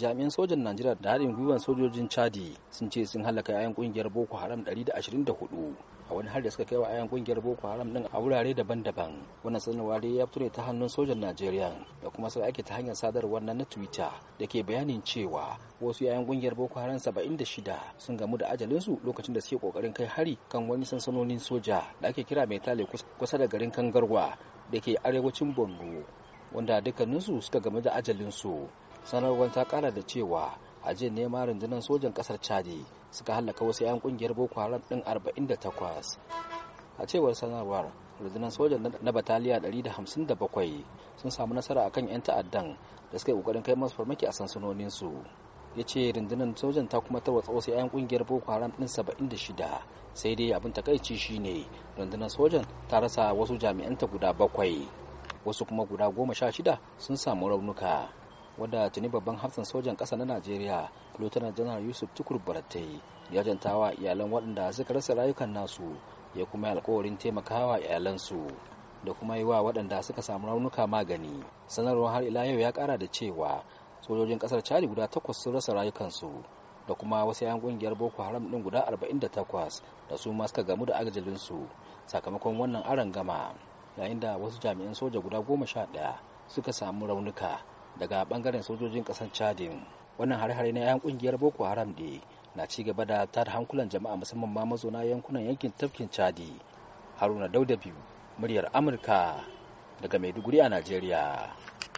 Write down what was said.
jami'an sojan najeriya da haɗin gwiwar sojojin chadi sun ce sun halaka 'ya'yan ƙungiyar boko haram 124 a wani har da suka kai wa 'ya'yan ƙungiyar boko haram din a wurare daban-daban wannan sanarwa dai ya fito ne ta hannun sojan najeriya da kuma sai ake ta hanyar sadarwar na twitter da ke bayanin cewa wasu 'ya'yan ƙungiyar boko haram 76 sun gamu da ajalinsu lokacin da suke kokarin kai hari kan wani sansanonin soja da ake kira mai tale kusa da garin kangarwa da ke arewacin borno wanda dukkaninsu suka gamu da ajalinsu sanarwar ta kara da cewa a jiya nema rundunar sojan kasar chadi suka hallaka wasu 'yan kungiyar boko haram din 48 a cewar sanarwar rundunar sojan na bataliya 157 sun samu nasara akan 'yan ta'addan da suka yi kokarin kai masu farmaki a sansanoninsu ya ce rundunar sojan ta kuma tarwatsa wasu 'yan kungiyar boko haram din 76 sai dai abin takaici shine rundunar sojan ta rasa wasu jami'anta guda bakwai wasu kuma guda goma sha shida sun samu raunuka wadda tuni babban hafsan sojan ƙasa na najeriya lieutenant general yusuf tukur barate ya jantawa iyalan waɗanda suka rasa rayukan nasu ya kuma yi alkawarin taimakawa iyalansu da kuma yi wa waɗanda suka samu raunuka magani sanarwar har ila yau ya ƙara da cewa sojojin ƙasar chari guda takwas sun rasa rayukansu da kuma wasu 'yan ƙungiyar boko haram ɗin guda 48 da su ma suka gamu da agajalinsu sakamakon wannan aron gama yayin da wasu jami'an soja guda goma sha ɗaya suka samu raunuka daga bangaren sojojin kasar chadin wannan hare-hare na 'yan kungiyar boko haram ne na ci gaba da tada hankulan jama'a musamman ma mazauna yankunan yankin tafkin chadi haruna dauda biyu muryar amurka daga maiduguri a najeriya